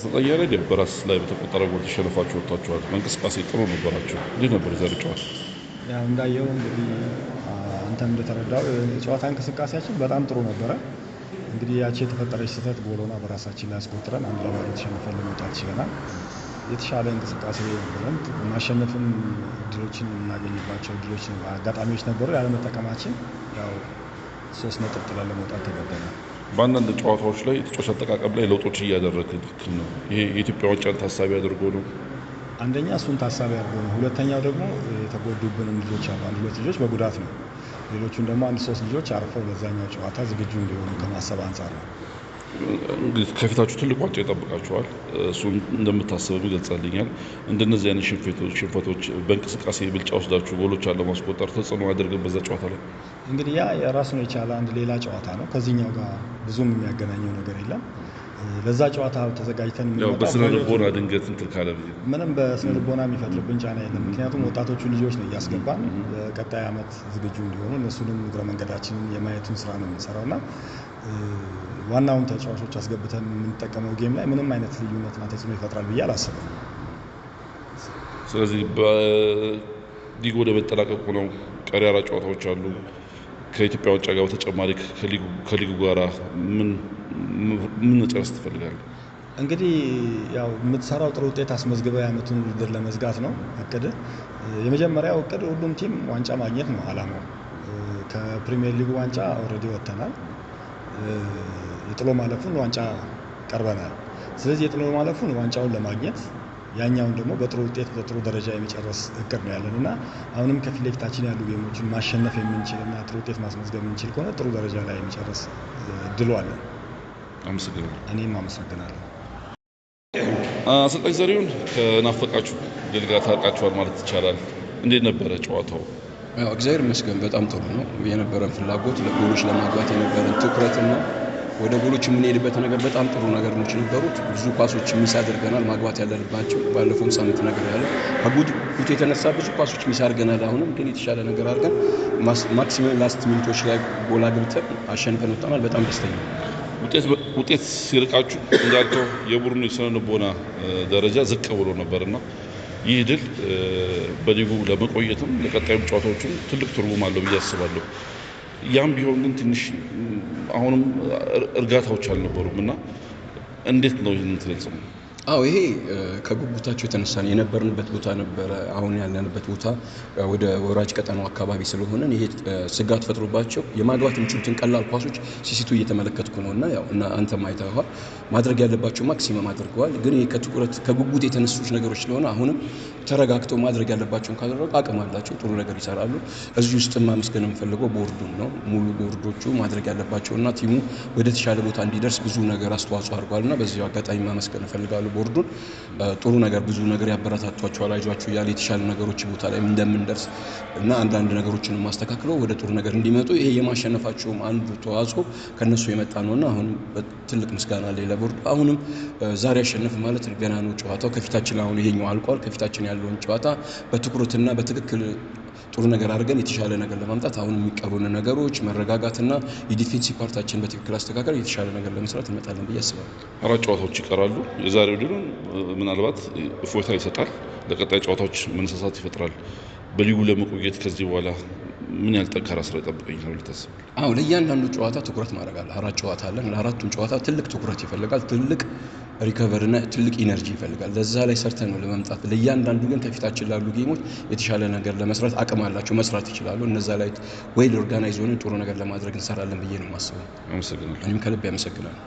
በተቀየረ ድል በራስ ላይ በተቆጠረ ጎል ተሸነፋችሁ ወጥታችኋል። እንቅስቃሴ ጥሩ ነበራችሁ። እንዴት ነበር የዛሬ ጨዋታ? ያው እንዳየው እንግዲህ አንተም እንደተረዳው የጨዋታ እንቅስቃሴያችን በጣም ጥሩ ነበረ። እንግዲህ ያቺ የተፈጠረች ስህተት ጎሎና በራሳችን ላይ አስቆጥረን አንድ ለባዶ ተሸንፈን ለመውጣት ችለናል። የተሻለ እንቅስቃሴ ብለን ማሸነፍም እድሎችን የምናገኝባቸው እድሎች አጋጣሚዎች ነበሩ። ያለመጠቀማችን ያው ሶስት ነጥብ ጥለን ለመውጣት ተገደ በአንዳንድ ጨዋታዎች ላይ የተጫዋች አጠቃቀም ላይ ለውጦች እያደረግክል ነው። ይሄ የኢትዮጵያ ዋንጫን ታሳቢ አድርጎ ነው። አንደኛ እሱን ታሳቢ አድርጎ ነው። ሁለተኛው ደግሞ የተጎዱብንም ልጆች አሉ። አንድ ሁለት ልጆች በጉዳት ነው። ሌሎቹን ደግሞ አንድ ሶስት ልጆች አርፈው በዛኛው ጨዋታ ዝግጁ እንዲሆኑ ከማሰብ አንጻር ነው። ከፊታችሁ ትልቅ ዋንጫ ይጠብቃችኋል። እሱን እንደምታስብም ይገልጸልኛል እንደነዚህ አይነት ሽንፈቶች በእንቅስቃሴ ብልጫ ወስዳችሁ ጎሎች ለማስቆጠር ተጽዕኖ ያደርግን በዛ ጨዋታ ላይ እንግዲህ ያ የራሱን የቻለ አንድ ሌላ ጨዋታ ነው። ከዚህኛው ጋር ብዙም የሚያገናኘው ነገር የለም። ለዛ ጨዋታ ተዘጋጅተን በስነ ልቦና ድንገት እንትን ካለ ምንም በስነ ልቦና የሚፈጥርብን ጫና የለም። ምክንያቱም ወጣቶቹ ልጆች ነው እያስገባን ቀጣይ ዓመት ዝግጁ እንዲሆኑ እነሱንም እግረ መንገዳችንን የማየቱን ስራ ነው የምንሰራው እና ዋናውን ተጫዋቾች አስገብተን የምንጠቀመው ጌም ላይ ምንም አይነት ልዩነትና ተጽዕኖ ይፈጥራል ብዬ አላስብም። ስለዚህ በሊግ ወደ መጠናቀቁ ነው። ቀሪ አራት ጨዋታዎች አሉ። ከኢትዮጵያ ውጭ ጋር በተጨማሪ ከሊጉ ጋር ምን መጨረስ ትፈልጋለህ? እንግዲህ ያው የምትሰራው ጥሩ ውጤት አስመዝግበ የአመቱን ውድድር ለመዝጋት ነው እቅድ። የመጀመሪያው እቅድ ሁሉም ቲም ዋንጫ ማግኘት ነው አላማው። ከፕሪሚየር ሊጉ ዋንጫ ኦልሬዲ ወጥተናል። የጥሎ ማለፉን ዋንጫ ቀርበናል። ስለዚህ የጥሎ ማለፉን ዋንጫውን ለማግኘት ያኛውን ደግሞ በጥሩ ውጤት በጥሩ ደረጃ የሚጨረስ እቅድ ነው ያለን እና አሁንም ከፊት ለፊታችን ያሉ ጌሞችን ማሸነፍ የምንችል እና ጥሩ ውጤት ማስመዝገብ የምንችል ከሆነ ጥሩ ደረጃ ላይ የሚጨረስ ድሉ አለን። አመሰግናለሁ። እኔም አመሰግናለሁ። አሰልጣኝ ዘሪሁን ከናፈቃችሁ ድል ጋር ታርቃችኋል ማለት ይቻላል። እንዴት ነበረ ጨዋታው? ያው እግዚአብሔር ይመስገን በጣም ጥሩ ነው። የነበረን ፍላጎት ለጎሎች ለማግባት የነበረን ትኩረትና ወደ ጎሎች የምንሄድበት ነገር በጣም ጥሩ ነገሮች ነበሩት። ብዙ ኳሶች ሚስ አድርገናል ማግባት ያለንባቸው ባለፈውም ሳምንት ነገር ያለ ከጉጉት የተነሳ ብዙ ኳሶች ሚስ አድርገናል። አሁንም ግን የተሻለ ነገር አድርገን ማክሲመም ላስት ሚኒቶች ላይ ጎል አግብተን አሸንፈን ወጣናል። በጣም ደስተኛ ውጤት ሲርቃችሁ እንዳልከው የቡድኑ የስነ ልቦና ደረጃ ዝቅ ብሎ ነበርና ይህ ድል በሊጉ ለመቆየትም ለቀጣዩም ጨዋታዎችም ትልቅ ትርጉም አለው ብዬ አስባለሁ። ያም ቢሆን ግን ትንሽ አሁንም እርጋታዎች አልነበሩም እና እንዴት ነው ይህንን ትገልጸው? አዎ ይሄ ከጉጉታቸው የተነሳ ነው የነበርንበት ቦታ ነበረ አሁን ያለንበት ቦታ ወደ ወራጅ ቀጠናው አካባቢ ስለሆነ ይሄ ስጋት ፈጥሮባቸው የማግባት የሚችሉትን ቀላል ኳሶች ሲሲቱ እየተመለከትኩ ነው እና ያው እና አንተ አይተኸዋል ማድረግ ያለባቸው ማክሲመም አድርገዋል ግን ይሄ ከትኩረት ከጉጉት የተነሱት ነገሮች ስለሆነ አሁንም ተረጋግተው ማድረግ ያለባቸውን ካደረጉ አቅም አላቸው፣ ጥሩ ነገር ይሰራሉ። እዚህ ውስጥ ማመስገን የምፈልገው ቦርዱን ነው። ሙሉ ቦርዶቹ ማድረግ ያለባቸውና ቲሙ ወደ ተሻለ ቦታ እንዲደርስ ብዙ ነገር አስተዋጽኦ አድርጓልና በዚህ አጋጣሚ ማመስገን እፈልጋለሁ። ቦርዱን ጥሩ ነገር ብዙ ነገር ያበረታቷቸዋል፣ አይዟቸው እያለ የተሻለ ነገሮች ቦታ ላይ እንደምንደርስ እና አንዳንድ ነገሮችን ማስተካክለው ወደ ጥሩ ነገር እንዲመጡ ይሄ የማሸነፋቸውም አንዱ ተዋጽኦ ከነሱ የመጣ ነውና አሁንም ትልቅ ምስጋና አለ ለቦርዱ። አሁንም ዛሬ አሸነፍ ማለት ገና ነው። ጨዋታው ከፊታችን አሁን ይሄኛው አልቋል። ከፊታችን ያለ ያለውን ጨዋታ በትኩረትና በትክክል ጥሩ ነገር አድርገን የተሻለ ነገር ለማምጣት አሁን የሚቀሩን ነገሮች መረጋጋትና የዲፌንሲቭ ፓርታችን በትክክል አስተካከል የተሻለ ነገር ለመስራት እንመጣለን ብዬ አስባለሁ። አራት ጨዋታዎች ይቀራሉ። የዛሬው ድል ምናልባት እፎይታ ይሰጣል፣ ለቀጣይ ጨዋታዎች መነሳሳት ይፈጥራል። በሊጉ ለመቆየት ከዚህ በኋላ ምን ያህል ጠንካራ ስራ ይጠብቀኛል ብለህ ታስባለህ? አዎ ለእያንዳንዱ ጨዋታ ትኩረት ማድረግ አለ። አራት ጨዋታ አለን። ለአራቱም ጨዋታ ትልቅ ትኩረት ይፈልጋል። ትልቅ ሪከቨር እና ትልቅ ኢነርጂ ይፈልጋል። ለዛ ላይ ሰርተን ነው ለመምጣት። ለእያንዳንዱ ግን ከፊታችን ላሉ ጌሞች የተሻለ ነገር ለመስራት አቅም አላቸው፣ መስራት ይችላሉ። እነዛ ላይ ወይል ኦርጋናይዝ ሆነን ጥሩ ነገር ለማድረግ እንሰራለን ብዬ ነው የማስበው። እኔም ከልብ ያመሰግናል።